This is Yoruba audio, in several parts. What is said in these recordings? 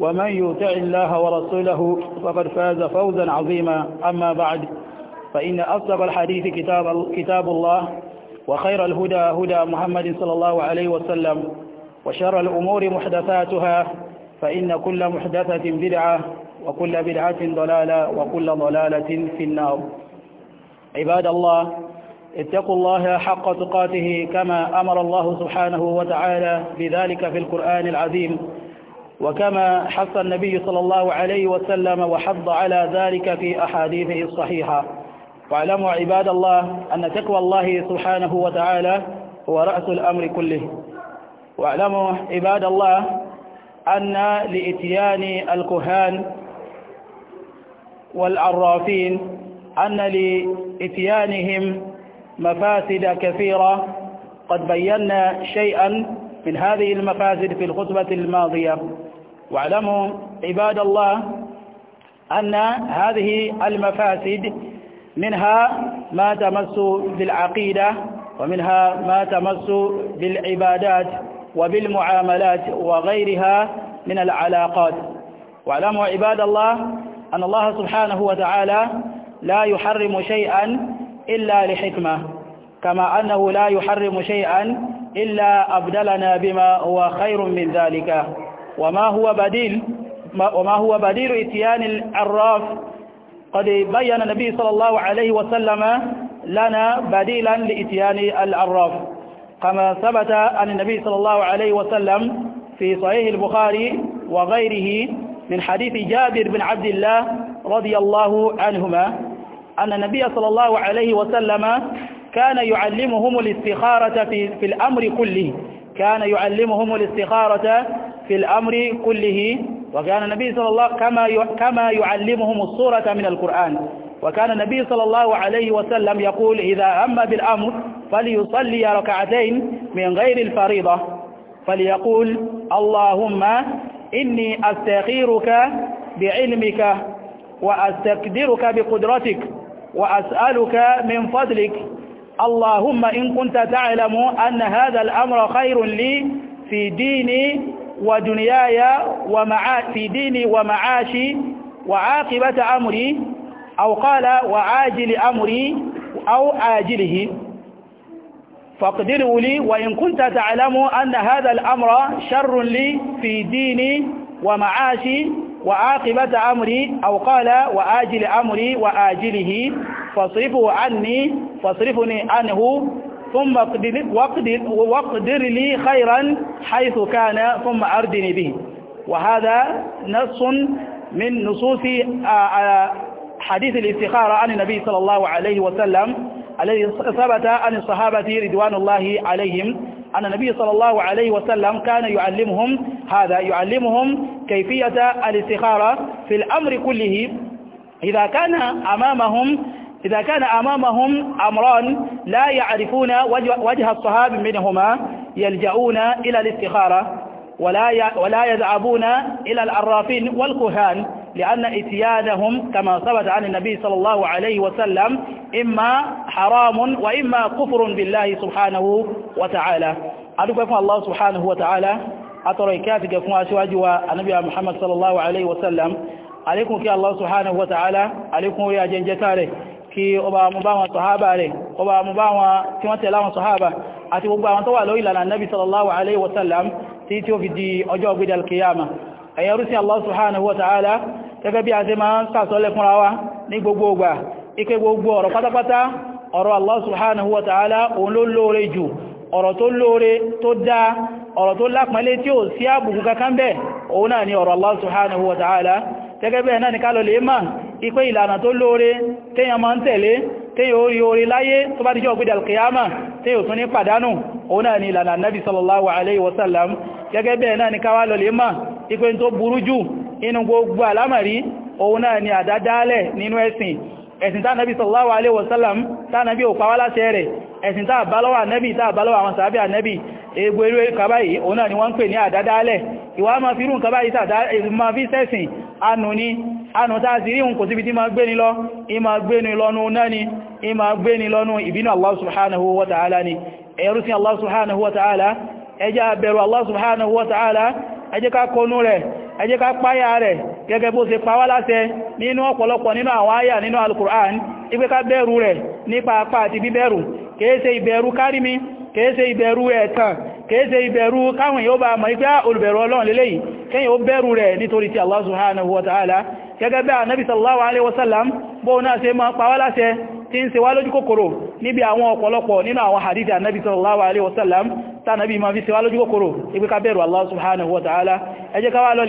ومن يطع الله ورسوله فقد فاز فوزا عظيما أما بعد فإن أصدق الحديث كتاب, كتاب الله وخير الهدى هدى محمد صلى الله عليه وسلم وشر الأمور محدثاتها فإن كل محدثة بدعة وكل بدعة ضلالة وكل ضلالة في النار عباد الله اتقوا الله حق تقاته كما أمر الله سبحانه وتعالى بذلك في القرآن العظيم وكما حث النبي صلى الله عليه وسلم وحض على ذلك في أحاديثه الصحيحة واعلموا عباد الله أن تقوى الله سبحانه وتعالى هو رأس الأمر كله واعلموا عباد الله أن لإتيان الكهان والعرافين أن لإتيانهم مفاسد كثيرة قد بينا شيئا من هذه المفاسد في الخطبة الماضية واعلموا عباد الله أن هذه المفاسد منها ما تمس بالعقيدة ومنها ما تمس بالعبادات وبالمعاملات وغيرها من العلاقات واعلموا عباد الله أن الله سبحانه وتعالى لا يحرم شيئا إلا لحكمة كما أنه لا يحرم شيئا إلا أبدلنا بما هو خير من ذلك وما هو بديل وما هو بديل اتيان العراف قد بين النبي صلى الله عليه وسلم لنا بديلا لاتيان العراف كما ثبت عن النبي صلى الله عليه وسلم في صحيح البخاري وغيره من حديث جابر بن عبد الله رضي الله عنهما أن النبي صلى الله عليه وسلم كان يعلمهم الاستخارة في, في الأمر كله كان يعلمهم الاستخارة في الأمر كله وكان النبي صلى الله كما كما يعلمهم الصورة من القرآن وكان النبي صلى الله عليه وسلم يقول إذا أما بالأمر فليصلي ركعتين من غير الفريضة فليقول اللهم إني أستغيرك بعلمك وأستقدرك بقدرتك وأسألك من فضلك اللهم إن كنت تعلم أن هذا الأمر خير لي في ديني ودنياي ومعا في ديني ومعاشي وعاقبة أمري أو قال وعاجل أمري أو عاجله فاقدره لي وإن كنت تعلم أن هذا الأمر شر لي في ديني ومعاشي وعاقبة أمري أو قال وآجل أمري وآجله فاصرفه عني فاصرفني عنه ثم اقدر, واقدر, واقدر لي خيرا حيث كان ثم أردني به وهذا نص من نصوص آه، آه، حديث الاستخارة عن النبي صلى الله عليه وسلم الذي ثبت عن الصحابة رضوان الله عليهم أن النبي صلى الله عليه وسلم كان يعلمهم هذا يعلمهم كيفية الاستخارة في الأمر كله إذا كان أمامهم إذا كان أمامهم أمران لا يعرفون وجه الصحابي منهما يلجؤون إلى الاستخارة ولا ولا يذهبون إلى العرافين والكهان لأن اتيانهم كما ثبت عن النبي صلى الله عليه وسلم إما حرام وإما كفر بالله سبحانه وتعالى أدوكم الله سبحانه وتعالى أترى كافك فما النبي محمد صلى الله عليه وسلم عليكم كي الله سبحانه وتعالى عليكم يا جنجتاره kí ọba mú bá wọn sọ̀hábà rẹ̀ ọba mú bá wọn tí wọ́n tẹ̀lá wọn sọ̀hábà àti gbogbo àwọn tó wà lórí ìlànà nabi sallallahu alaihi wasallam tí tí ó fi di ọjọ́ ọgbẹ̀dẹ̀ alkiyama ẹ̀yẹ rúsí Allah subhanahu wa ta'ala gẹ́gẹ́ bí a ṣe máa ń sàsọ́lẹ̀ fúnra wa ní gbogbo ọgbà ike gbogbo ọ̀rọ̀ pátápátá ọ̀rọ̀ Allah subhanahu gẹ́gẹ́ bẹ́ẹ̀ náà ni lọ lè máa ipé ìlànà tó lóore téèyàn máa ń tẹ̀lé téèyàn orí orí láyé tó bá díjọ́ gbídà kìyàmà téèyàn tún ní pàdánù òun náà ni ìlànà nabi sallallahu alaihi wasallam ẹ̀sìn tá nẹ́bí sallallahu alaihi wasallam tá nẹ́bí ò pàwálá ṣẹ́ rẹ̀ ẹ̀sìn tá àbálọ́wà nẹ́bí tá àbálọ́wà àwọn sàábí ànẹ́bí egbò eré kàbáyìí òun náà ni wọ́n ń pè ní àdádálẹ̀ ìwà máa fi rú nǹkan báyìí tàdá ma fi sẹ́sìn anù ni anù tá sí ríhun kò Allah subhanahu wa ta'ala ni ẹ̀rú Allah subhanahu wa ta'ala ẹjá bẹ̀rù Allah subhanahu wa ta'ala ẹ jẹ́ ká kọnú rẹ̀ ẹ jẹ́ ká páyà rẹ̀ gẹ́gẹ́ bó ṣe pa wá láṣẹ nínú ọ̀pọ̀lọpọ̀ nínú àwọn àyà nínú alukur'an ipé ká bẹ̀rù rẹ̀ nípa apá àti bíbẹ̀rù kèése ìbẹ̀rù kárìmí kèése ìbẹ̀rù ẹ̀tàn kèése ìbẹ̀rù káwọn yóò bá mọ̀ ipé ah, olùbẹ̀rù ọlọ́run lélẹ́yìí kẹ́yìn ó bẹ̀rù rẹ̀ nítorí alaihi wasallam bóun náà ṣe máa pa tí ń ṣe wá lójú kòkòrò níbi àwọn ọ̀pọ̀lọpọ̀ nínú àwọn hadith annabi sallallahu alaihi wasallam tánàbí ma fi ṣe wá lójú kòkòrò ipé ká bẹ̀rù Allah subhanahu wa ta'ala ẹ jẹ́ ká wá lọ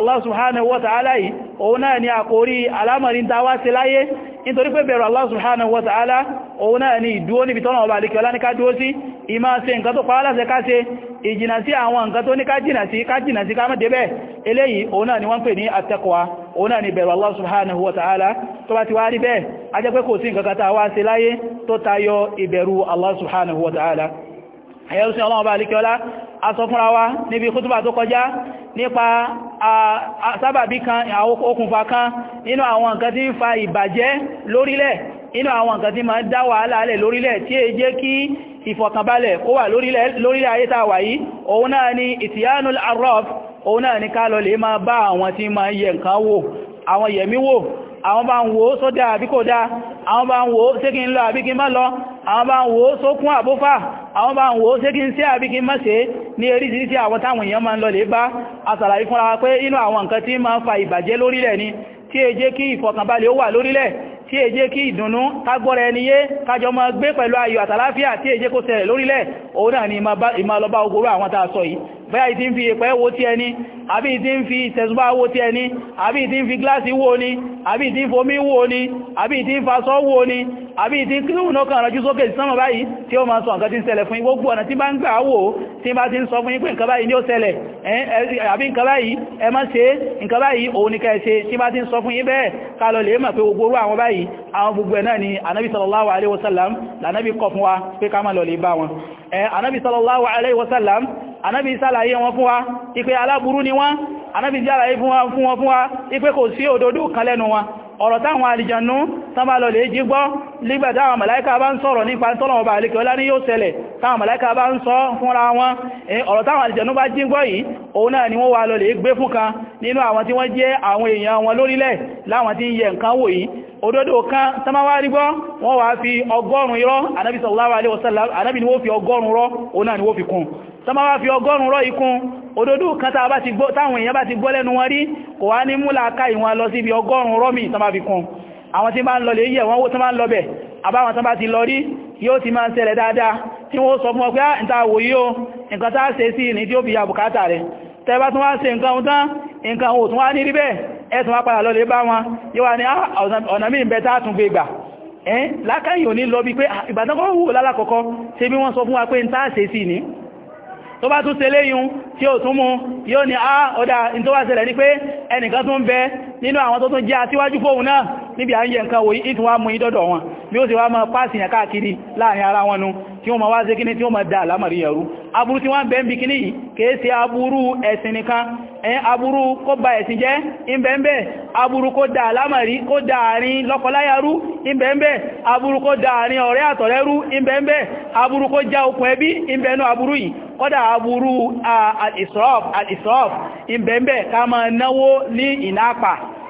Allah subhanahu wa ta'ala yìí òun náà ni àkórí alámọ̀rin dáwá sí láyé nítorí pé bẹ̀rù Allah subhanahu wa ta'ala òun ni ìdúó níbi tọ́nà ọba àlekẹ́ ọlá ní ká dúó sí ìmá ṣe nǹkan tó pa aláṣẹ ká ṣe ìjìnà sí àwọn nǹkan tó ní ká ni wọ́n òun náà ni bẹ̀rù Allah subhanahu wa ta'ala tó bá ti wá rí bẹ́ẹ̀ a jẹ́ pé kò sí nǹkan kan tá a wá ṣe láyé tó tayọ ìbẹ̀rù Allah subhanahu wa ta'ala ẹ̀yẹ́ òsìn ọlọ́ọ̀bá alikiola a sọ fúnra wa níbi kútùbà tó kọjá nípa sábàbí kan okùnfà kan nínú àwọn nǹkan tí ń fa ìbàjẹ́ lórílẹ̀ inú àwọn nǹkan tí ma ń dá wàhálà alẹ̀ lórílẹ̀ tí è jẹ́ kí ìfọ̀kànbalẹ̀ kó wà lórílẹ̀ ayé tàwà yìí òun náà ni ìtìyánul arọ́f òun náà ní ká lọ lè máa bá àwọn tí máa yẹ nǹkan wò àwọn yẹ̀mí wò àwọn bá ń wò ó sódá àbí kò dáa àwọn bá ń wò ó ṣé kí n lọ àbí kí n má lọ àwọn bá ń wò ó sókún àbófà àwọn bá ń wò ó ṣé kí n ṣe àbí kí má ṣe ní eríṣiríṣi àwọn táwọn èèyàn máa ń lọ lè bá asàlàyé fúnra pé inú àwọn nǹkan tí máa ń fa ìbàjẹ́ lórílẹ̀ ni tí è jẹ́ kí ìfọ̀kànbalẹ̀ ó wà lórílẹ̀ tí è jẹ́ kí ìdùnnú kágbọ́ra ẹni yé kájọ máa gbé pẹ̀lú ayọ̀ àtàláfíà tí è jẹ́ kó ṣẹlẹ̀ lórílẹ̀ òun náà ni ìmá lọ bá ogoro àwọn tàà sọ yìí bẹ́yà ìtí ń fi ìpẹ́ wo tí ẹni àbí ìtí ń fi ìtẹ̀sùbá wo tí ẹni àbí ìtí ń fi gíláàsì wo ni àbí ìtí ń fomi wo ni àbí ìtí ń fasọ́ wo ni àbí ìtí kílùmùnà kan rọjú sókè sánmà báyìí tí ó máa sọ nǹkan tí ń ṣẹlẹ̀ fún gbogbo ọ̀nà tí ti ń sọ fún yín pé nǹkan báyìí ni ó ṣẹlẹ̀ àbí nǹkan báyìí ẹ má ṣe nǹkan báyìí òun ni kẹ́ẹ̀ ṣe tí bá ti ń sọ fún yín bẹ́ẹ̀ ká lọ lè mọ̀ pé gbogbo sallallahu alaihi wasallam lànábì kọ̀ fún wa pé ká má lọ lè sallallahu alaihi wasallam anábi sálàyé wọn fún wa ipé aláburú ni wọ́n anábi sálàyé fún wọn fún wa ipé kò sí òdodo kan lẹ́nu wọn ọ̀rọ̀ táwọn àlìjànú tánbà lọ lè jí gbọ́ nígbàtí àwọn màláíkà bá ń sọ̀rọ̀ nípa tọ́lọ̀wọ̀ bá àlékẹ́ ọlá ní yóò ṣẹlẹ̀ táwọn màláíkà bá ń sọ fúnra wọn ọ̀rọ̀ táwọn àlìjẹ̀nú bá jí gbọ́ yìí òun náà ni wọ́n wà lọ lè gbé fún kan nínú àwọn tí wọ́n jẹ́ àwọn èèyàn wọn lórílẹ̀ láwọn tí ń yẹ nǹkan wò yìí òdodo kan tamáwárí gbọ́ wọ́n wá fi ọgọ́rùn-ún irọ́ anábi sallallahu alaihi wasallam anábi ni wó fi ọgọ́rùn-ún rọ́ òun náà ni wó fi kún tamáwá fi ọgọ́rùn táwọn èèyàn bá ti gbọ́ lẹ́nu wọn rí kò wá ní múlà ká ìwọn lọ sí ibi ọgọ́rùn-ún rọ́ mi tamáfi àwọn tí máa ń lọlẹ̀ yẹ̀ wọ́n wó tán máa ń lọbẹ̀ àbáwọn tán bá ti lọ rí yóò ti máa ń ṣẹlẹ̀ dáadáa tí wọ́n sọ fún ọ pé á ń ta wòye o nǹkan tá ṣe sí ní tí ó fi ya bùkátà rẹ̀ tẹ́bá tún wá ṣe nǹkan tán nǹkan ò tún wá ní rí bẹ́ẹ̀ ẹ̀tún wá padà lọlẹ̀ bá wọn yóò wá ah, ah, ni tó bá tún tẹ́lé yun tí ó tún yóò ní a ah, ọ̀dá tó wá ṣẹlẹ̀ ní pé ẹnìkan tún bẹ nínú àwọn tó tún jẹ́ àtíwájú fóun náà níbi à ń yẹ nǹkan wòyí ìtùnwà mú ìdọ́dọ̀ wọn bí ó sì wá mọ́ pàṣìyàn káàkiri láàrin ara wọn nu tí ó ma wá sí kíní tí ó ma dá àlámàrí ẹ̀rú aburú tí wọ́n bẹ̀ ń bí kíní yìí kìí sí aburú ẹ̀sìn nìkan ẹ̀yìn aburú kó ba ẹ̀sìn jẹ́ ìbẹ̀ẹ̀bẹ̀ aburú kó dá àlámàrí kó dá àárín lọ́kọláyarú ìbẹ̀ẹ̀bẹ̀ aburú kó dá àárín ọ̀rẹ́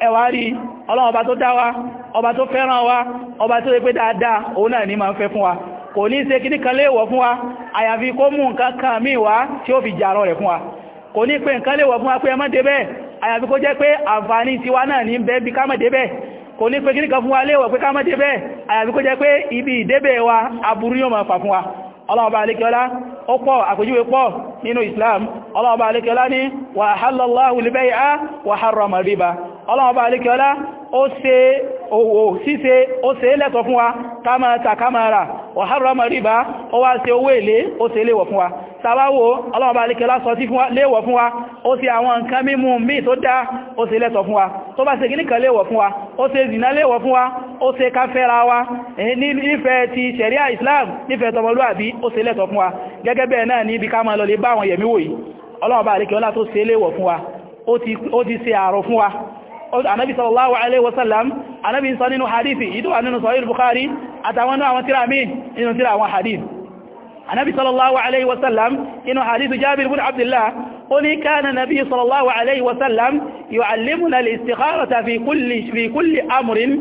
ẹwà ọla ọba tó dá wa ọba tó fẹ́ràn wa ọba tó lè pé dáadáa òun náà ní ma ń fẹ́ fún wa kò ní ṣe kíní kan léèwọ̀ fún wa àyàfi kó mú nǹkan kan míì wá tí ó fi jàrọ rẹ̀ fún wa kò ní pé nǹkan léèwọ̀ fún wa pé ẹmọ́ débẹ̀ àyàfi kó jẹ́ pé àǹfààní tiwa náà ní bí kò ní pé kan fún wa léèwọ̀ pé débẹ̀ àyàfi kó jẹ́ pé ibi ìdébẹ̀ wa aburú yóò máa fà fún wa ó pọ̀ pọ̀ nínú Islam ní ọlọ́ọ̀bá alékiọlá ó ṣe òwò ṣíṣe ó se lẹ́tọ̀ fún wa ká máa tà ká máa rà ọ̀hárọ̀ mọ̀ ríbá ó wá ṣe owó èlé ó ṣe léwọ̀ fún wa tàbáwò ọlọ́ọ̀bá alékiọlá sọ tí léwọ̀ fún wa ó ṣe àwọn nǹkan mímú míì tó dá ó ṣe lẹ́tọ̀ fún wa tó bá ṣe kíníkan léwọ̀ fún wa ó ṣe zìnà léwọ̀ fún wa ó ṣe káfẹ́ra wa nífẹ̀ẹ́ ti ṣẹ̀ríà Islam nífẹ̀ẹ́ tọmọlúàbí ó ṣe lẹ́tọ̀ fún wa gẹ́gẹ́ bẹ́ẹ̀ náà ní ibi ká máa lọ lè bá àwọn yẹ̀mí wòyí ọlọ́ọ̀bá alékiọlá tó ṣe léwọ̀ fún wa ó ti ṣe àrọ̀ fún wa anábi sallallahu alaihi wasallam anábi sọ nínú hadithi ìdó wà nínú sahih bukhari àtàwọn náà àwọn tíra mi nínú tíra àwọn hadith anábi sallallahu alaihi wasallam inú hadithu jabir bin abdullah ó ní kánà nabi sallallahu alaihi wasallam yu'allimuna al-istikharata fi kulli fi kulli amrin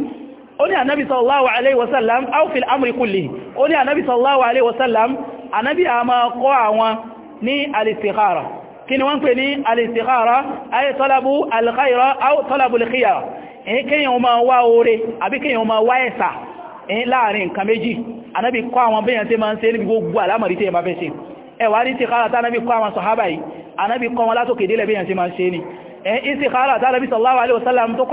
ó ní anábi sallallahu alaihi wasallam aw fil amri kulli ó ní anábi sallallahu alaihi wasallam anábi a máa kọ́ àwọn al-istikhara kí ni wọ́n pè ní al-istikhara ay talabu al-khayra aw talabu al-khiyara èyí kíyàn ma wá oore àbí kíyàn ma wá ẹ̀sà èyí láàrin nǹkan méjì anábi kọ́ àwọn bẹ́yàn tí ma ń ṣe ní gbogbo alámàrí tí ẹ ma fẹ́ ṣe ẹwà ní istikhara tánábi kọ́ àwọn sọ̀hábà yìí anábi kọ́ wọn látòkè délẹ̀ bẹ́yàn tí ma ń ṣe ní istikhara tánábi sallallahu alaihi wasallam tó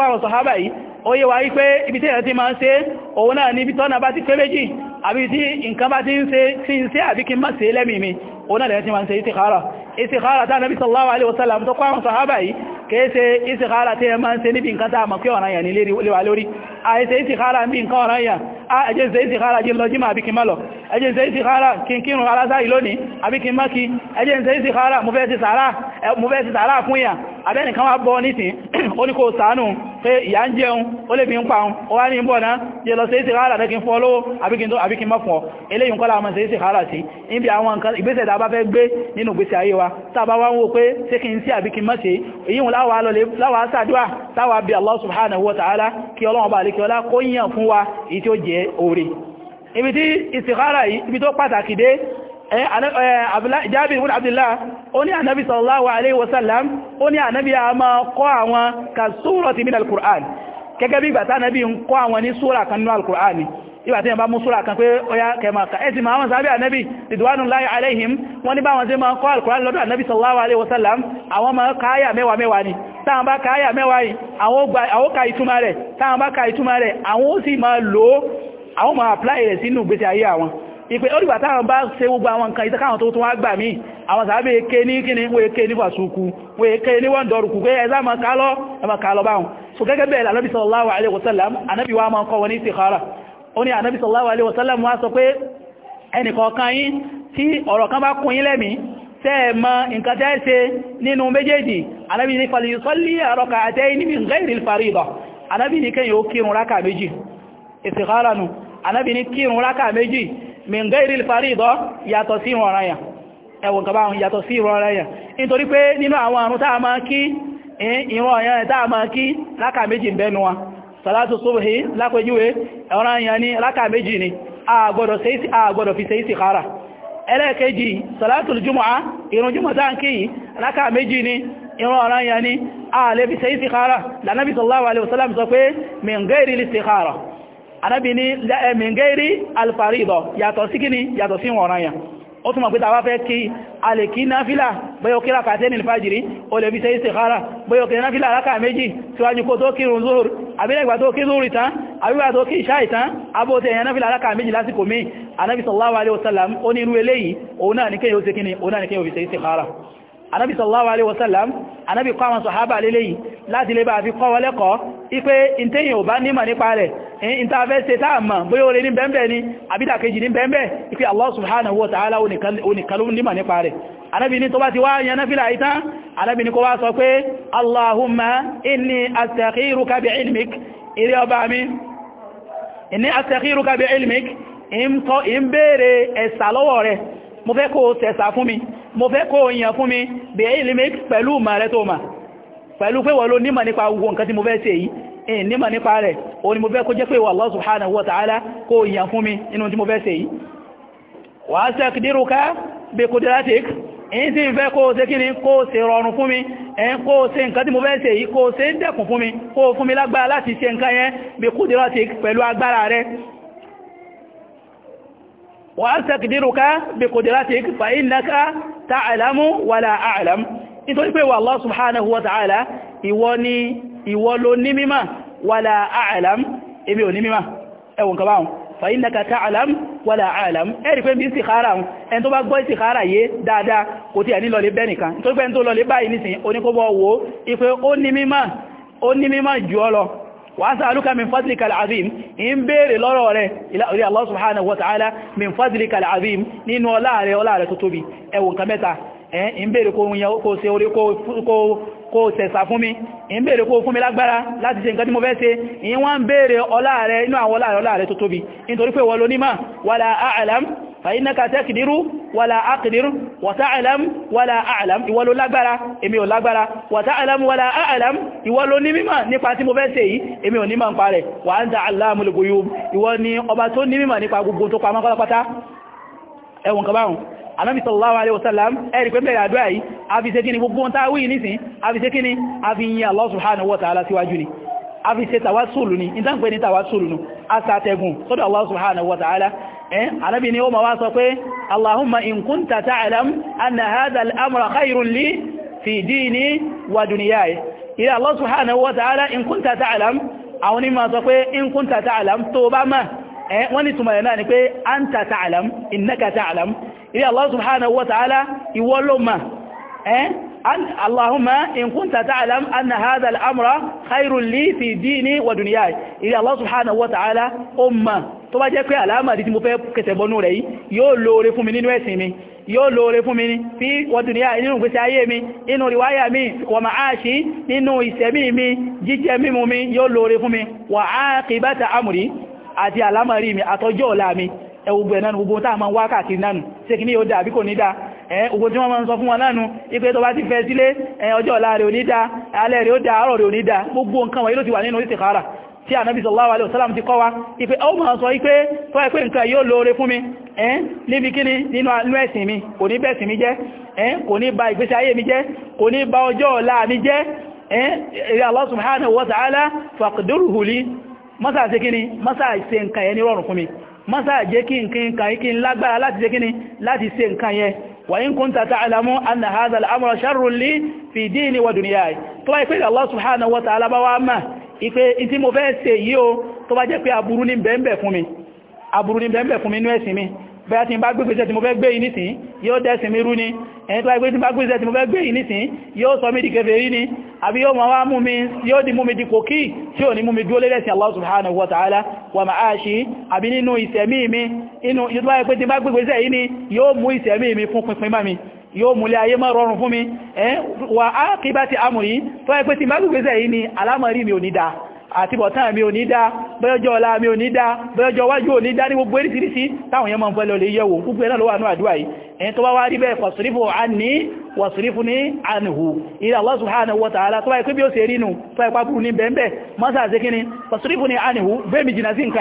àbí tí nǹkan bá ti ń ṣe tí ń ṣe àbí kí má ṣe lẹ́mì mi oná lẹ́yìn tí ma ń ṣe istikhara istikhara tá Nabi sallallahu alaihi wasallam tó kwáwọn sahaba yìí kèése istikhara tí ẹ ma ń ṣe níbi nǹkan tá a mọ̀ pé ọ̀nà yà ní léwà lórí àìsẹ istikhara bí nǹkan ọ̀nà yà ẹjẹ́ ìsẹ istikhara jí lọ jímọ̀ àbí kí má lọ ẹjẹ́ ìsẹ istikhara kí n kírun alásáì lónìí àbí kí má kí ẹjẹ́ ìsẹ istikhara mo fẹ́ ti sàárà fún yà abẹ́nìkan wá bọ́ nísìn ó ní pé ìyá ń jẹun ó lè fi ń paun ó wá ní ń bọ̀ náà jẹ lọ sí ìsìkára lẹ́kí fún ọlọ́wọ́ àbíkí mọ́ fún ọ eléyìn kọ́lá ọmọ sí ìsìkára sí níbi àwọn nǹkan ìgbésẹ̀ tá fẹ́ gbé nínú ìgbésẹ̀ ayé wa tàbá wá ń pé sí Allah subhanahu wa ta'ala kí ọlọ́wọ́ bá lè kí ọlá kó yíyàn fún wa èyí tí Eh, eh, Jábìr ibn Abdullah ó ní ànábì sallallahu alaihi wasallam ó ní ànábì a máa kọ́ àwọn ka surati min al-Qur'an gẹ́gẹ́ bí ìgbà tánàbí ń kọ́ àwọn ní súra kan nínú al ìgbà tí yẹn bá mú súra kan pé ọya kẹma ẹ̀sì ma wọn sábí ànábì ridwanullahi alaihim wọ́n ní bá wọn sí ma kọ́ al lọ́dọ̀ ànábì sallallahu alaihi àwọn ma káyà mẹ́wàá mẹ́wàá ni táwọn bá káyà mẹ́wàá yìí àwọn ka ìtumọ̀ rẹ̀ táwọn bá ka ìtumọ̀ rẹ̀ àwọn ó sì ma lò àwọn ìpé orígbà táwọn bá ṣe gbogbo àwọn nǹkan ìtẹ́kàwọn tó tún wá gbà mí àwọn sàábé èké ní kíni wọ́n èké ní fàṣúkú wọ́n èké ní wọ́n dọ̀rùkú pé ẹzá ma kálọ́ ẹmà kálọ́ báhùn so gẹ́gẹ́ bẹ́ẹ̀ lànàbí sallallahu alaihi wa máa kọ́ wọn ní istikhara ó ní anábí sallallahu ma nǹkan tẹ́ ṣe nínú méjèèjì anábí ní falyusalli rak'atayn min ghayri al-fariida anábí ní kẹ́yìn ó kírun rákà méjì istikhara nu anábí ní kírun rákà méjì min gairil farida yàtọ̀ sí ìrun ọ̀ranyàn ẹwọ̀n kàbá àwọn yàtọ̀ sí ìrun ọ̀ranyàn nítorí pé nínú àwọn àrùn táà máa kí ìrun ọ̀ranyàn táà máa kí láka méjì ń bẹnu wa salatu subhi lápẹjúwe ọ̀ranyàn ni láka méjì ni a gbọ́dọ̀ fi ṣe istikhara ẹlẹ́ẹ̀kejì salatul jumu'a ìrun jumu'a táà ń kí láka méjì ni ìran ọ̀ranyàn anábi ní eh, mingeri alfarido yàtọ̀ sí kíni yàtọ̀ sí wọn ọ̀ranyàn ó túnmọ̀ pé tàbá fẹ́ kí a lè kí náfílà bóyá kí rákà tẹ́ nìlú fàjìrí o lè fi ṣe istikhara bóyá kí náfílà rákà méjì síwájú kó tó kírun zuhur àbílẹ̀gbà tó kí zuhur ìtàn àbígbà tó kí ìṣá ìtàn abóòtí ẹ̀yàn náfílà rákà méjì lásìkò mí anábi sallallahu alaihi wasallam ó ní irú eléyìí òun náà ní kéyàn ó ṣe kíni òun náà ní kéyàn ó fi ṣe istikhara anábi sallallahu alaihi wasallam anábi kọ́ àwọn sọ̀hábà léléyìí láti lè bá fi kọ́ wọlẹ́kọ́ ipé ìtẹ́yìn ò bá nímọ̀ nípa rẹ̀ ìta fẹ́ ṣe táà mọ̀ bóyá orí ní bẹ́ẹ̀bẹ́ẹ̀ ni àbídàkejì ní bẹ́ẹ̀bẹ́ẹ̀ ipé Allah subhanahu wa ta'ala oníkàlù nímọ̀ nípa rẹ̀ anábi ní tó bá ti wá yan náfílà ìtàn anábi ní ẹ̀sà lọ́wọ́ rẹ̀ mo fẹ́ kó tẹ̀sà fún mi mo fẹ́ kó yàn fún mi bẹ̀ẹ́ ilimi e pẹ̀lú ma rẹ tó ma pẹ̀lú pé wọ́n ló nímọ̀ nípa owó nǹkan tí mo fẹ́ ṣe yìí in nímọ̀ nípa rẹ̀ o ni mo fẹ́ kó jẹ́ pé wà Allah subhanahu wa ta'ala kó yàn fún mi inú tí mo fẹ́ ṣe yìí wa taqdiruka وأستقدرك بقدرتك فإنك تعلم ولا أعلم nítorí pé Allah subhanahu wa ta'ala ìwọ ni ìwọ ló ní mímọ̀ wala a'lam èmi ò ní mímọ̀ ẹwọ̀n kaba hùn fa innaka ta'lam wala a'lam ẹ̀rì pé bí istikhara hùn ẹni tó bá gbọ́ istikhara yé dáadáa kò tí ẹ̀ ní lọlé bẹ́nìkan وأسألك من فضلك العظيم إن بيري لوروري إلى الله سبحانه وتعالى من فضلك العظيم نين ولا ري ولا ري تتوبي أو كمتا إن بيري كو كو سيوري كو كو kó tẹ̀sà fún mi in bèèrè kó fún mi lágbára láti ṣe nǹkan tí mo fẹ́ ṣe in wọ́n bèèrè ọlá inú àwọn ọlá rẹ̀ tó tóbi nítorí pé wọ́n lo nímọ̀ wala a'lam فإنك تقدر ولا أقدر وتعلم ولا أعلم ìwọ́lò lágbára èmi ò lágbára وتعلم ولا أعلم ìwọ́lò ní mímọ̀ nípa tí mo fẹ́ ṣe yìí èmi ò nímọ̀ nípa rẹ̀ وأنت علام الغيوب ìwọ ni ọba tó ní mímọ̀ nípa gbogbo tó pamọ́ pátápátá ẹwọ̀n a fi ṣe kí ni gbogbo ohun táwí nísìn a fi ṣe kí ni a fi yin Allah subhanahu anábi eh, ni ó ma wá sọ pé allahumma in kunta ta'lam anna hadha al-amra khairun li fi dini wa duniyaya ila allah subhanahu wa ta'ala in kunta ta'lam àwọn ni ma sọ pé in kunta ta'lam tó bá ma eh, wọ́n ni túnmọ̀ náà ni pé anta ta'lam innaka ta'lam ila allah subhanahu wa ta'ala ìwọ ló ma eh, allahumma in kunta ta'lam anna hadha al-amra khairun li fi dini wa duniyaya ila allah subhanahu wa ta'ala umma tó bá jẹ́ pé àlámàdí tí mo fẹ́ kẹsẹ̀ bọnú rẹ̀ yìí yóò lóore fún mi nínú ẹ̀sìn mi yóò lóore fún mi ní fi wọ́dún ní inú ìgbésí ayé mi inú ríwáyà mi wà máa ṣí nínú ìṣẹ̀mí mi jíjẹ mímu mi yóò lóore fún mi wà á kì bá ta amùrí àti àlámàrí mi àtọjọ́ ọ̀la mi ẹwùgbẹ̀ náà gbogbo tá a máa wá káàkiri náà ṣe kì ní yóò dà bí kò ní dá ogbò tí wọ́n máa ń sọ fún wọn lánú ipé tó bá ti fẹ́ tí ànábì sallallahu alaihi wasallam ti kọ́ wa ipé ọ ma sọ ipé tó ẹ pé nǹkan yóò lóore fún mi ẹ́n níbi kíni nínú ẹ̀sìn mi kò ní bẹ̀sìn mi jẹ́ ẹ́n kò ní ba ìgbésí ayé mi jẹ́ kò ní ba ọjọ́ ọ̀la mi jẹ́ ẹ́n Allah subhanahu wa ta'ala faqdirhu li mọ́sá ṣe kíni mọ́sá ṣe nǹkan yẹn ní rọrùn fún mi mọ́sá jẹ́ kí nǹkan yìí kí n lágbára أن هذا الأمر شر لي في ديني ودنياي طيب الله سبحانه وتعالى بوامه ìpé ìtí mo fẹ́ ṣe yìí o tó bá jẹ́ pé aburú ní bẹ̀ẹ̀bẹ̀ fún mi aburú ní bẹ̀ẹ̀bẹ̀ fún mi inú ẹ̀sìn mi bẹ́ẹ̀ tí n bá gbégbèsẹ̀ tí mo fẹ́ gbé yìí nìsín yóò dẹ̀sìn mi rú ni ẹni tó wáyé pé tí n bá gbégbèsẹ̀ tí mo fẹ́ gbé yìí nìsín yóò sọ mí di kèfèrí ni àbí yóò mọ̀ wá mú mi yóò di wa ma'ashi àbí nínú ìsẹ̀mí mi inú ìtọ́wáyé pé tí n bá gbégbèsẹ̀ yìí ni mi fún pinpin yóò múlẹ̀ ayé mọ́ rọrùn fún mi wà á kí bá ti amù yìí tó ẹgbẹ́ tí máa gbẹ̀gbẹ̀ yìí ni alámọ̀rí mi ò ní dáa àti bọ̀tán mi ò ní dá bẹ́ọjọ́ ọlá mi ò ní dá bẹ́ọjọ́ wájú ò ní dá ní gbogbo eríṣìíríṣìí táwọn èèyàn máa ń fẹ́lẹ̀ olè yẹ̀wò gbogbo ẹ̀nà ló wà ní àdúwà yìí ẹni tó bá wá rí bẹ́ẹ̀ fọ̀sírífò àní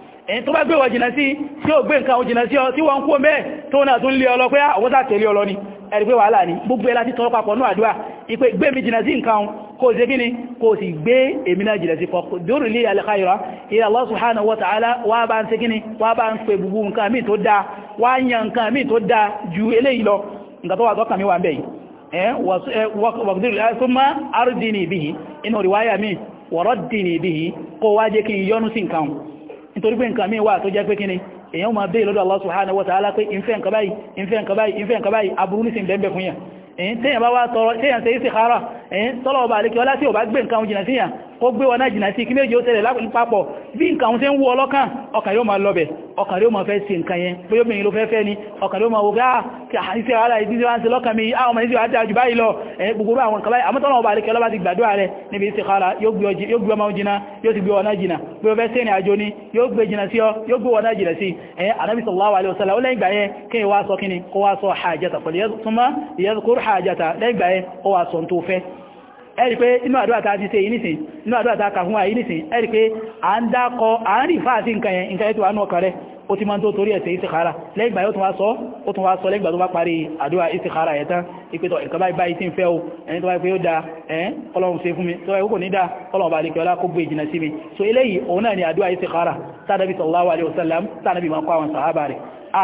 ẹni tó bá gbé wọ jìnà sí tí ó gbé nǹkan ò jìnà sí ọ tí wọ́n kó mẹ́ tó náà tún lé ọlọ pé àwọn ah, sàtẹ̀lé ọlọ ni ẹ̀rí pé wàhálà ní gbogbo ẹ láti tọrọ papọ̀ ní àdúrà ìpé gbé mi jìnà sí nǹkan kò sí kíni kò sì gbé èmi náà jìnà sí kọkù dórí Allah subhanahu wa ta'ala wà bá ń sí kíni wà bá ń pè gbogbo nǹkan míì tó dáa wà ń yan nǹkan míì tó dáa ju eléyìí lọ wá jẹ́ kí yọnu sí nǹkan nítorí pé nǹkan míì tó jẹ́ pé kíni èyàn máa bèèrè lọ́dọ̀ Allah subhanahu wa ta'ala pé ìfẹ́ nǹkan báyìí ìfẹ́ nǹkan báyìí ìfẹ́ nǹkan báyìí aburú nísìn bẹ́ẹ̀ fún yàn èyí tẹ́yàn bá wá tọrọ tẹ́yàn ṣe istikhara èyí tọ́lọ̀ ọba àlékẹ́ ọlá tí ò bá gbé nǹkan jìnà síyàn kó gbé wọn náà jìnà sí kí méjì ó tẹ̀lẹ̀ lápapọ̀ bí nǹkan tí ń wú ọlọ́kàn ọkàn yóò máa lọ́bẹ̀ ọkàn yóò máa fẹ́ sí nǹkan yẹn pé yóò mìíràn ló fẹ́ fẹ́ ni ọkàn yóò máa wò gáà ah, kí àìsí ara ìdíjẹ́ wá mi àwọn ah, ọmọ ìdíjẹ́ wá dájú báyìí lọ ẹ̀yẹ gbogbo àwọn nǹkan báyìí àmọ́tọ́nà ọba àríkẹ́ lọ́ba ti gbàdúrà rẹ̀ níbi istikhara yóò gbé ọmọ jìnà ni yóò gbé jìnà sí ọ yóò gbé wọn náà jìnà sí ẹ̀yẹ Ànábì sallallahu alaihi wasallam ó lẹ́yìn ìgbà yẹn kí wá sọ kíni kó wá sọ hajata pẹ̀lú yẹ́ ẹ̀rì pé inú àdúrà ta ti ṣe ìnísìn inú àdúrà ta kà fún wa ìnísìn ẹ̀rì pé à ń dákọ à ń rí fáàsí nǹkan yẹn nǹkan yẹn tó wà nù ọkàn rẹ̀ ó ti máa ń tó torí ẹ̀sẹ̀ ìsìkára lẹ́yìn ìgbà yóò tún wá sọ ó tún wá sọ lẹ́yìn ìgbà so eléyìí òun ni àdúrà ìsìkára tánàbí sallallahu alaihi wasallam tánàbí máa kọ́ àwọn sàhábà rẹ̀ a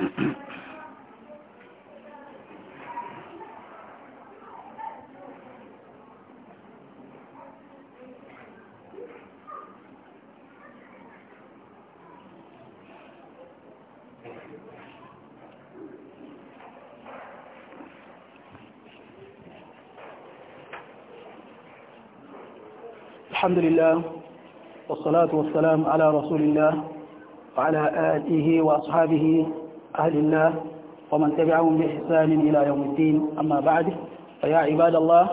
الحمد لله والصلاة والسلام على رسول الله وعلى آله وأصحابه أهل الله ومن تبعهم بإحسان إلى يوم الدين أما بعد فيا عباد الله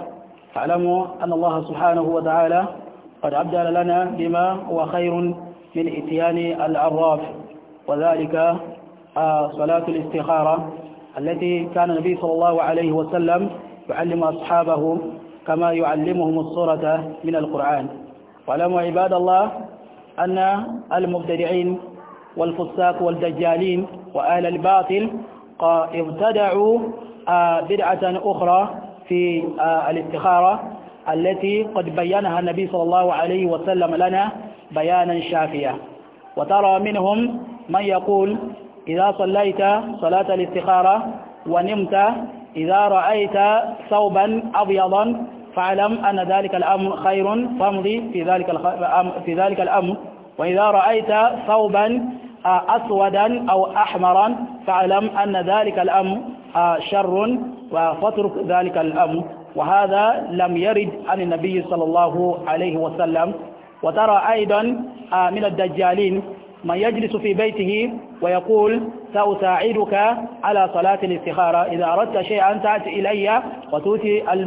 فاعلموا أن الله سبحانه وتعالى قد أبدل لنا بما هو خير من إتيان العراف وذلك آه، صلاة الاستخارة التي كان النبي صلى الله عليه وسلم يعلم أصحابه كما يعلمهم الصورة من القرآن وعلموا عباد الله أن المبتدعين والفساق والدجالين وآل الباطل ابتدعوا آه، بدعة أخرى في آه، الاستخارة التي قد بينها النبي صلى الله عليه وسلم لنا بيانا شافيا وترى منهم من يقول إذا صليت صلاة الاستخارة ونمت إذا رأيت ثوبا أبيضا فاعلم أن ذلك الأمر خير فامضي في ذلك في ذلك الأمر وإذا رأيت ثوبا أسودا أو أحمرا فاعلم أن ذلك الأمر آه، شر وفترك ذلك الأمر وهذا لم يرد عن النبي صلى الله عليه وسلم وترى أيضا آه، من الدجالين من يجلس في بيته ويقول سأساعدك على صلاة الاستخارة إذا أردت شيئا تأتي إلي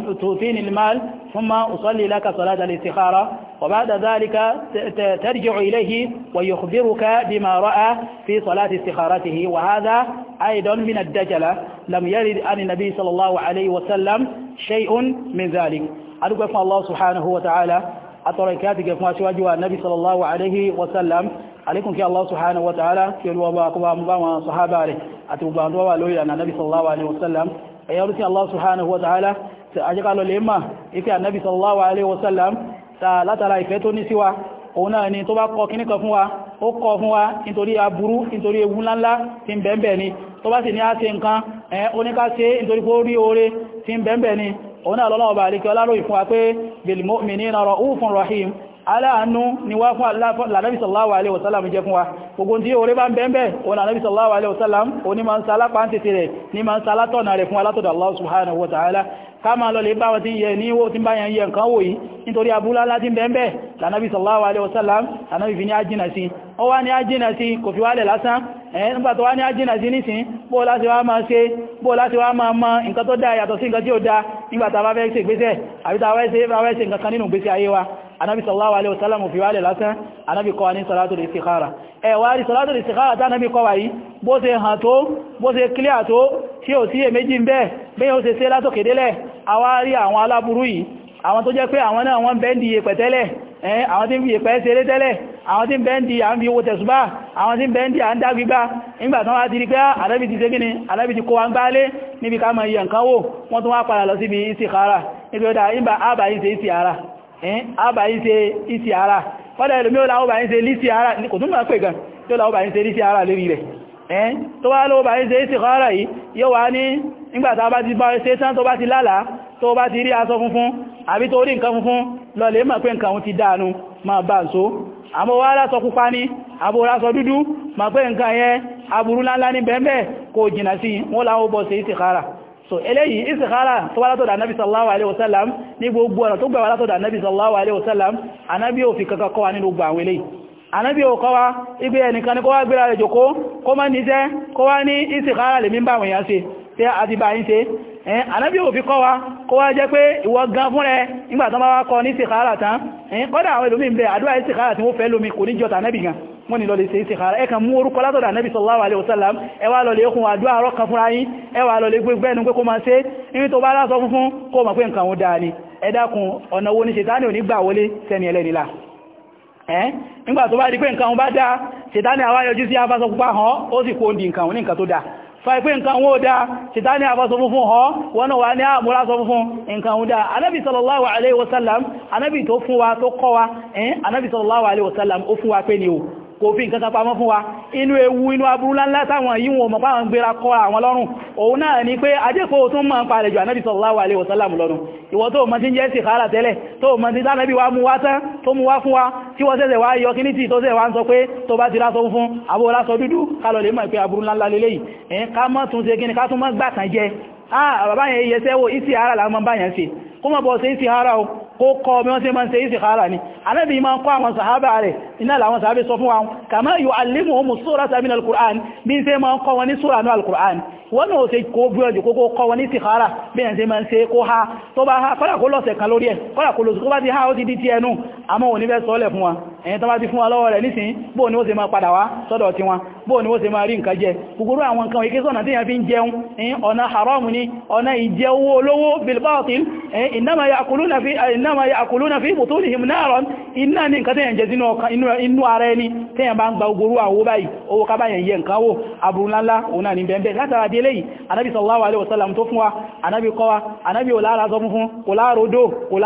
وتوتيني المال ثم أصلي لك صلاة الاستخارة وبعد ذلك ترجع إليه ويخبرك بما رأى في صلاة استخارته وهذا أيضا من الدجلة لم يرد عن النبي صلى الله عليه وسلم شيء من ذلك أدوك الله سبحانه وتعالى أتركاتك فما شواجه النبي صلى الله عليه وسلم alékùn kí Allah subhanahu wa ta'ala kí olúwọ́bá kọba mú bá wọn sọ̀hábà rẹ̀ àti gbogbo àwọn tó wà lórí ànàbí sallallahu alaihi wasallam ẹ̀yọ́ tí Allah subhanahu wa ta'ala ti ajẹ́kálọ̀ lè máa ife ànàbí sallallahu alaihi wasallam ta látara ìfẹ́ tó ní síwá òun náà ni tó bá kọ kíníkan fún wa ó kọ fún wa nítorí aburú nítorí ewu ńláńlá tí ń ni tó bá sì ní á ṣe nǹkan ẹ̀ oníká ṣe nítorí kó rí oore tí ń bẹ̀ẹ̀bẹ̀ ni òun náà lọ́lọ́wọ́ bá àríkẹ́ ọláròyìn fún wa pé bil mu'minina ra'ufun rahim aláàánú ni wá fún Ànábì sallallahu alaihi wasallam jẹ́ fún wa gbogbo tí orí bá ń bẹ́ẹ̀bẹ́ òun Ànábì sallallahu alaihi wasallam o ní ma ń sálápá ń tètè rẹ̀ ní ma ń sálátọ̀nà rẹ̀ fún alátọ̀dọ̀ Allah subhanahu wa ta'ala ká máa lọ lè bá wọn tí yẹ ní owó tí bá yẹn alaihi wasallam lànàbí fi ní ájínà sí ó wá ní ájínà sí kò fi wálẹ̀ lásán ẹ̀yìn nígbàtọ̀ wá ní ájínà sí nísìn bó láti wá máa ṣe bó láti wá máa mọ nǹkan tó dáa yàtọ̀ sí nǹkan ṣe ìgbésẹ̀ àbí ṣe nǹkan nínú ìgbésẹ̀ ayé wa anábi sallallahu alaihi wasallam fi wálẹ̀ lásán anábi kọwa ní salatul istikhara ẹ̀wà rí salatul istikhara tá anábi kọwa yìí bó ṣe hàn tó bó ṣe kílíà tó tí ò sí èméjì ń bẹ́ẹ̀ bẹ́yẹ̀ ó ṣe ṣe látòkèdélẹ̀ àwárí àwọn aláburú yìí àwọn tó jẹ́ pé àwọn náà wọ́n bẹ́ndì yẹpẹ̀ tẹ́lẹ̀ ẹ̀yìn àwọn tí ń fi ìpẹ́ ṣeré tẹ́lẹ̀ àwọn tí ń bẹ́ndì à ń fi owó tẹ̀sùbá àwọn tí ń bẹ́ndì à ń dágbígbá ìgbàtán wá ti rí pé ah, àdábì ti ṣe gíní àdábì ti kó wa ń gbálé níbi ká mọ̀ iye nǹkan wò wọ́n tún wá padà lọ síbi ìsìkára níbi ó dá àbà yí ṣe ìsì ara fọ́dá ẹlòmí ó láwọ́ bà yí ṣe lísì ara kò tún máa pè gan tí ó láwọ́ bà yí ṣe lísì ara lérí rẹ̀ ẹ́n tó wá lówó bà yí ṣe ìsì kọ́rọ̀ yìí yóò wá ní nígbàtà bá ti bá ṣe tán tó bá ti lálàá tó bá ti rí aṣọ funfun àbí tó rí nǹkan funfun lọ lè mọ̀ pé nǹkan ti dáanu máa bá ń so àmọ́ wá lásọ pupa ní àbúrásọ dúdú mọ̀ pé nǹkan yẹn aburú láńlá ní bẹ́ẹ̀ kò jìnà sí wọ́n láwọ́ bọ́ ìsì kọ́rọ̀ so eléyìí istikhara tó wá látọ̀dọ̀ anábi sallallahu alaihi wasallam ní gbogbo ọ̀nà tó gbà wá látọ̀dọ̀ sallallahu alaihi wasallam anábi ò fi kankan kọ́ wa nínú gbogbo àwọn eléyìí anábi ò kọ́ wa igbe ẹnìkan ni kó wá gbéra rẹ̀ jòkó kó má níṣẹ́ kó ní istikhara lè mímbà àwọn èèyàn ṣe tí a ti bá wa kó wá jẹ́ pé ìwọ gan fún rẹ nígbà tán bá wá kọ́ ní istikhara tán ẹn kọ́dà àwọn ìlú mi ń wọ́n ni lọlẹ̀ ṣe istikhara ẹ kàn mú orúkọ látọ̀dọ̀ Ànábì sallallahu alaihi wasallam ẹ wá lọlẹ̀ okùn àdúrà àrọ́ kan fúnra yín ẹ wá lọlẹ̀ gbẹ́gbẹ́nu pé kó máa ṣe ní tó bá lásọ funfun kó mọ̀ pé nǹkan ó dáa ni ẹ dákun ọ̀nà wo ni ṣètánì ò ní gbà wọlé sẹ́ni ẹlẹ́ni la ẹ́ nígbà tó bá di pé nǹkan bá dáa ṣètánì àwáyọjú sí afásọ pupa hàn ó sì kó alaihi wasallam anábì tó fún wa tó kọ́ alaihi wasallam ó fún kò fi nǹkan kan pamọ́ fún wa inú ewu inú aburú láńlá táwọn yìí wọn mọ̀ páwọn gbéra kọ́ àwọn lọ́rùn òun náà ni pé ajẹ́kọ́ tún máa ń parẹ̀ jù ànábì sallallahu alaihi wasallam lọ́rùn ìwọ tó mọ̀ tí ń jẹ́ sí kààrà tẹ́lẹ̀ tó mọ̀ tí tánàbí wa mú wá tán tó mú wá fún wa tí wọ́n sẹ́sẹ̀ wá yọ kí ní tí tó sẹ́ wá ń sọ pé tó bá ti rásọ fún àbó rásọ dúdú kálọ̀ lè mọ̀ pé aburú ńlá lélẹ́yìí ẹ̀yìn ká mọ́ tún ṣe kí ni ká tún mọ́ gbà kan jẹ́ ah o kó kọ́ bí wọ́n ṣe máa ń ṣe istikhara ní Ànábì máa ń kọ́ àwọn sàhábà rẹ̀ iná làwọn sàhábà sọ fún wa kama yu'allimuhum surata min al-Qur'an bí ṣe máa ń kọ́ wọn ní súra ní al-Qur'an wọ́n ò ṣe kó bí ọjọ́ kó kọ́ wọn ní bí wọ́n ṣe máa ń ṣe kó ha tó bá ha kọ́lá kó lọ́sẹ̀ kan lórí ẹ̀ kọ́lá kó lọ́sẹ̀ kó bá ti ha ó ti di ti ẹnu àmọ́ òní fẹ́ sọ́lẹ̀ fún wa ẹ̀yìn tó bá ti fún wa lọ́wọ́ rẹ̀ nísìn bóò ni ó ṣe máa padà wá sọ́dọ̀ tiwọn bóò ni ó ṣe máa rí nǹkan jẹ gbogbo àwọn nǹkan ìké sọ́nà tí yẹn fi ń jẹun ẹ̀yìn ọ̀nà haram ni ọ̀nà ìjẹ owó olówó bilbatil innama ya'kuluna fi innama ya'kuluna fi butunihim naran iná ní nǹkan tẹ́yàn jẹ inú ara ẹni tẹ́yàn bá ń gba ogoro àwọ báyìí owó ká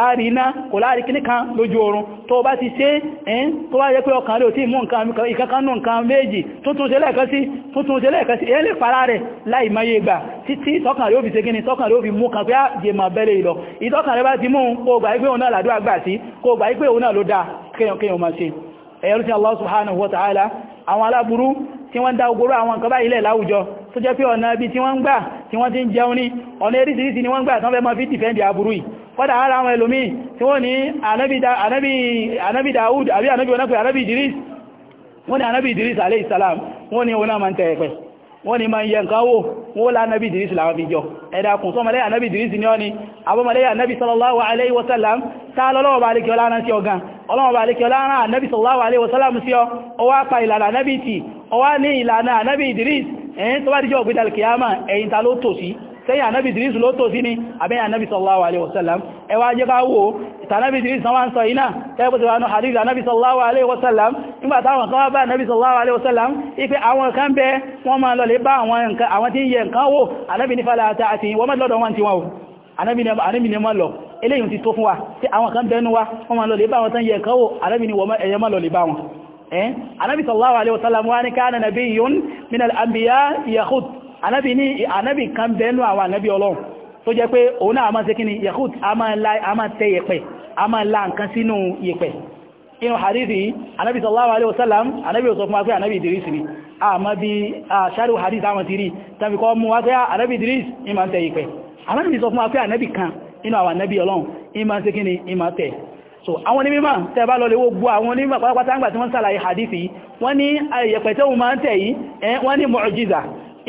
báyàn tó bá ti ṣe ẹ̀ ní tó bá yẹ pé ọkàn rẹ̀ ò tí mú nǹkan ìkankanú nǹkan méjì tuntun ṣe lẹ́ẹ̀kan sí tuntun ṣe lẹ́ẹ̀kan sí ẹlẹ́ fara rẹ̀ láì máyé gbà títí tọ́kàn rẹ̀ ó fi ṣe gíní tọ́kàn rẹ̀ ó fi mú kan pé jẹ ma bẹ́lẹ̀ ìlọ ìtọ́kàn rẹ̀ bá ti mú kó gbà pé òun náà làdúrà gbà sí kó gbà pé òun náà ló dáa kéèyàn máa ṣe ẹ̀yẹ́rú sí Allah subhanahu wa ta'ala àwọn aláburú tí wọ́n dá ogoro àwọn tó jẹ́ pé ọ̀nà ibi tí wọ́n ń gbà tí wọ́n ti ń jẹun ní ọ̀nà eríṣìíríṣìí ni wọ́n ń gbà tán fẹ́ mọ́ fi dìfẹ́ndì àbúrú yìí kọ́dà ara àwọn ẹlòmí tí wọ́n ní anábì salam wọ́n ní oná ma ń tẹ̀ ẹ̀pẹ̀ wọ́n ní ma ń yẹ nǹkan wò wọ́n lá anábì Idris láwọn fi jọ sallallahu alayhi wa sallam tá lọ́lọ́wọ́ bá lè kí ọlá rán sí ọgán ọlọ́wọ́ bá lè kí ọlá rán anábì sallallahu alayhi wa sallam sí ọ ọwá pa ìlànà anábì tí ọwá ní ìlànà anábì Idris ẹ̀yìn tó bá díjọ́ ògbédà kìyàmà ẹ̀yìn ta ló tò sí sẹ́yìn ànábì Idris ló tò sí ní àbẹ́yìn ànábì sallallahu alaihi wasallam ẹwà jẹ́ ká wò ìtànábì Idris náà wọ́n sọ iná tẹ́gbẹ́sẹ̀ wà ní hadith ànábì sallallahu alaihi wasallam nígbà táwọn kan wá bá ànábì sallallahu alaihi wasallam ipe àwọn kan bẹ wọ́n máa lọ lè bá àwọn tí ń yẹ nǹkan wò ànábì nífàlà àti wọ́n mọ́ lọ́dọ̀ wọn ti wọn ànábì ni mọ́ lọ eléyìn ti tó fún wa tí àwọn kan bẹnu wa wọ́n máa anábì eh? sallallahu alaihi wasallam wá ní káàna nabiyyun minal anbiya yakhut anábì ní anábì kan bẹnu àwọn anábì ọlọ́run tó jẹ́ pé òun náà a máa ṣe kí ni yakhut a máa tẹ yẹ̀pẹ̀ a máa la nǹkan sínú yẹ̀pẹ̀ inú hadithi anábì sallallahu alaihi wasallam anábì ò sọ fún wa pé anábì Idris ni a ma bi a ṣáàrù hadith àwọn tiri tàbí kọ́ mú wá pé anábì Idris ìmá tẹ yẹ̀pẹ̀ anábì sọ fún wa pé anábì kan inú àwọn anábì ọlọ́run ìmá ṣe kí ni ìmá tẹ̀ so àwọn ní mímọ̀ tẹ́bá lọ lè wó gbọ́ àwọn onímọ̀ pátápátá ń gbà tí wọ́n sàlàyé hadithi wọ́n ní ayẹ̀pẹ̀ eh, tẹ́ wọ́n máa ń tẹ̀ yìí eh, wọ́n ní mu'jiza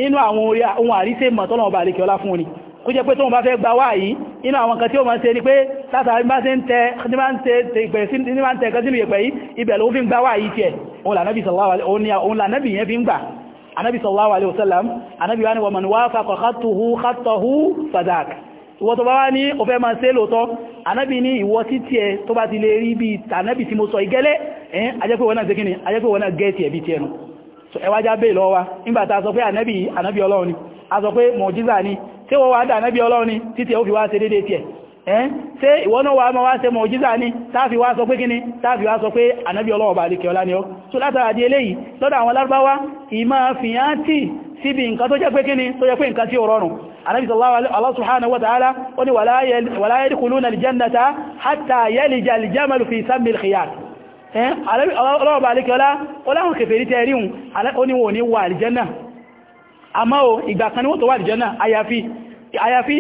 inú àwọn orí ohun àríṣẹ́ mọ̀ tọ́lọ̀ ọba àríkẹ́ ọlá fún wọn ni kó jẹ́ pé tó wọ́n bá fẹ́ gba wá ni pé látàrí bá ṣe ń tẹ ní máa ń tẹ ìpẹ̀ sí ní sallallahu alaihi wasallam anábì wá ní wa man wafaqa khattuhu khattahu fadhak ìwọ tó bá wá ní o fẹ́ máa ṣe lóòtọ́ anábì ní ìwọ títí ẹ tó bá ti lè rí bí tànábì tí mo sọ ìgẹ́lẹ́ ẹ̀yìn ajẹ́pẹ́ wọ́n náà ṣe kíni wọ́n náà gẹ́ẹ̀tì ẹ̀bí ti ẹnu so ẹwájá bẹ́ẹ̀ wa nígbàtà sọ pé anábì anábì ọlọ́run ni a sọ pé mọ̀jíza ni tí wọ́n wá dà anábì ọlọ́run ni títí ẹ ó fi wá ṣe déédéé tiẹ̀ ẹ́n ṣé ìwọ náà so látara di eléyìí lọ́dọ̀ àwọn lárúbáwá ìmáa síbi nǹkan tó jẹ́ pé kíni tó jẹ́ pé nǹkan tí ó rọrùn anábi sallallahu subhanahu wa ta'ala ó ní wala yadkhuluna al-jannata hatta yalija al-jamalu fi sammi al-khiyat ọlọ́ọ̀bà alékẹ́ọlá ó láwọn kèfèrí tẹ́ ríhun oníwò ní wà àlìjẹ́nà àmọ́ o ìgbà kan ni wọ́n tó wà àlìjẹ́nà àyàfi àyàfi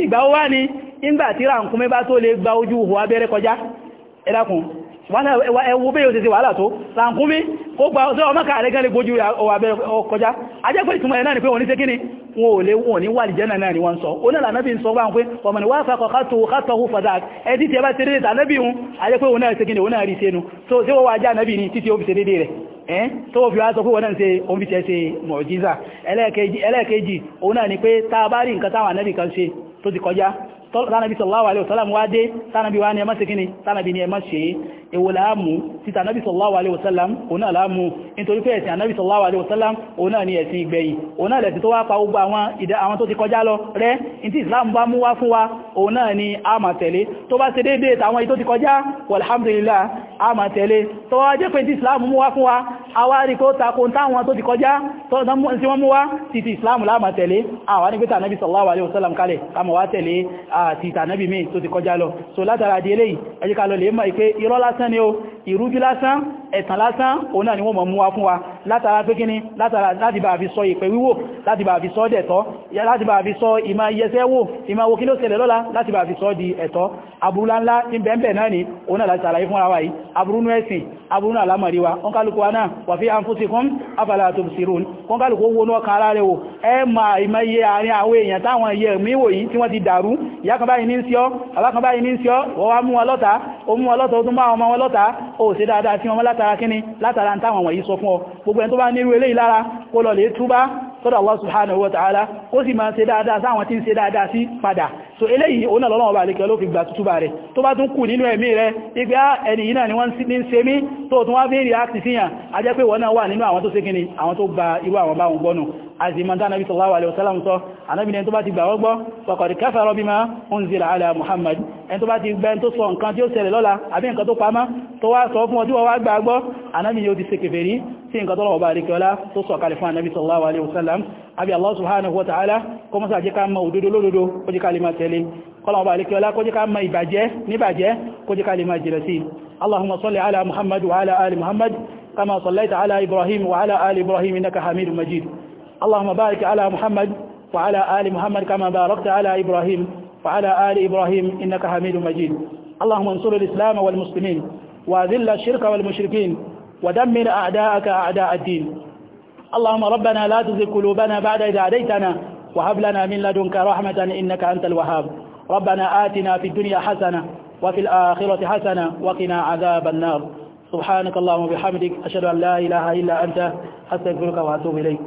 ẹwọ bẹ́yẹ̀ òṣèṣe wàhálà tó ràǹkúnmí kó gba ọ̀sọ́ ọmọ kààrẹ gan lè gbójú ọwàbẹ̀ ọkọjá ajẹ́pẹ́ ìtumọ̀ ẹ̀nà ni pé wọ́n ní sékíní wọn ò lè wọ́n ní wàlì jẹ́nà náà ni wọ́n sọ onílà náà bí n sọ wá ń pé ọmọ ni wá fàkọ̀ kátọ̀hù fadak ẹdí tí ẹ bá ti rédè tàbí hun ajẹ́pẹ́ òun náà sékíní òun náà rí sẹ́nu tó tí wọ́n wá já náà bí ní títí ó fi ṣe dédé rẹ̀ ẹ́n tó fi wá sọ pé wọ́n náà ti kọjá tánàbí sallallahu alaihi wasallam wá dé tánàbí wá ní ẹmọ́ sí kíni tánàbí ní ẹmọ́ ṣe èwo láàmù títà anábì sallallahu alaihi wasallam òun náà láàmù nítorí pé ẹ̀sìn anábì sallallahu alaihi wasallam òun náà ni ẹ̀sìn ìgbẹ̀yìn òun náà lẹ̀sìn tó wá pa gbogbo àwọn ìdá àwọn tó ti kọjá lọ rẹ́ ní tí islam bá mú wá fún wa òun náà ni a máa tẹ̀lé tó bá ṣe déédéé tàwọn èyí tó ti kọjá walhamdulillah a máa tẹ̀lé tó wá jẹ́ pé tí islam mú wá fún wa a wá rí wọ́n mú wá ti ti islam láàmà tẹ̀lé àwọn ní pẹ́ta anábì kalẹ̀ ká wá tẹ̀lé àti ìtànábì tó ti kọjá lọ so látara di eléyìí ẹjíká lọ lè mọ̀ ìpé irọ́ lásán ni ó ìrújú lásán ẹ̀tàn lásán òun náà ni wọ́n mọ̀ mú wa fún wa látara pé kíní látara láti bá àfi sọ ìpẹ̀ wíwò láti bá àfi sọ dẹ̀tọ́ láti bá àfi sọ ìmá iyẹsẹ́ wò ìmá wo kí ló ṣẹlẹ̀ lọ́la láti bá àfi sọ di ẹ̀tọ́ aburú ńlá ní bẹ̀ẹ̀bẹ̀ ni òun náà láti sàlàyé fún ara wa yìí aburú nú ẹ̀sìn aburú náà lámàrí wa wọ́n kálukú wa náà wà fi anfusikum afala tubsirun wọ́n kálukú wo náà kan ara rẹ̀ wò ẹ ma ìmọ̀ iye àárín àwọn èèyàn táwọn iye míwò yìí tí wọ́n ti dàrú ìyá kan báyìí ní ń sí ọ́ bàbá kan báyìí ní ń sí ọ́ wọ́n wá ó ṣe dáadáa sí wọn látara kíni látara ń táwọn wọ̀nyí sọ fún ọ gbogbo ẹni tó bá nírú eléyìí lára kó lọ lè túbá sọ́dọ̀ Allah subhanahu wa ta'ala kó sì máa ṣe dáadáa sáwọn tí ń ṣe dáadáa sí padà so eléyìí òun lọ́lọ́wọ́ bá lékẹ́ ló fi gbà tútù bá rẹ̀ tó bá tún kù nínú ẹ̀mí rẹ̀ ipé ah, ẹni yìí náà ni wọ́n ní ṣe mí tó tún wá fi rí láti fihàn a jẹ́ pé wọ́n náà wà nínú àwọn tó sékíní àwọn tó gba irú àwọn báwọn gbọ́nù azimanta nabi sallallahu alaihi wasallam sọ anabi ne tó bá ti gbà wọ́n gbọ́ faqad kafara bima unzila ala muhammad en sí nǹkan tọ́lọ̀wọ̀ bá ríkẹ́ọlá tó sọ kalẹ̀ fún ànábì sallallahu alaihi wasallam abi Allah subhanahu wa ta'ala kó mọ́sá jẹ́ ká mọ òdodo lódodo kó jẹ́ ká lè máa tẹ̀lé kọ́lọ̀wọ̀ bá ríkẹ́ọlá kó jẹ́ ká mọ ìbàjẹ́ níbàjẹ́ kó jẹ́ ká lè máa jìrẹ̀ sí Allahumma salli ala Muhammad wa ala ali Muhammad kama sallaita ala Ibrahim wa ala ali Ibrahim innaka Hamidum Majid Allahumma barik ala Muhammad wa الشرك والمشركين ودمر أعداءك أعداء الدين اللهم ربنا لا تزغ قلوبنا بعد إذ هديتنا وهب لنا من لدنك رحمة إنك أنت الوهاب ربنا آتنا في الدنيا حسنة وفي الآخرة حسنة وقنا عذاب النار سبحانك اللهم وبحمدك أشهد أن لا إله إلا أنت أستغفرك وأتوب إليك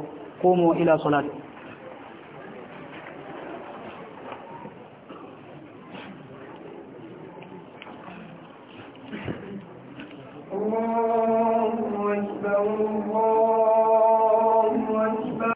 قوموا إلى صلاتكم الله أكبر الله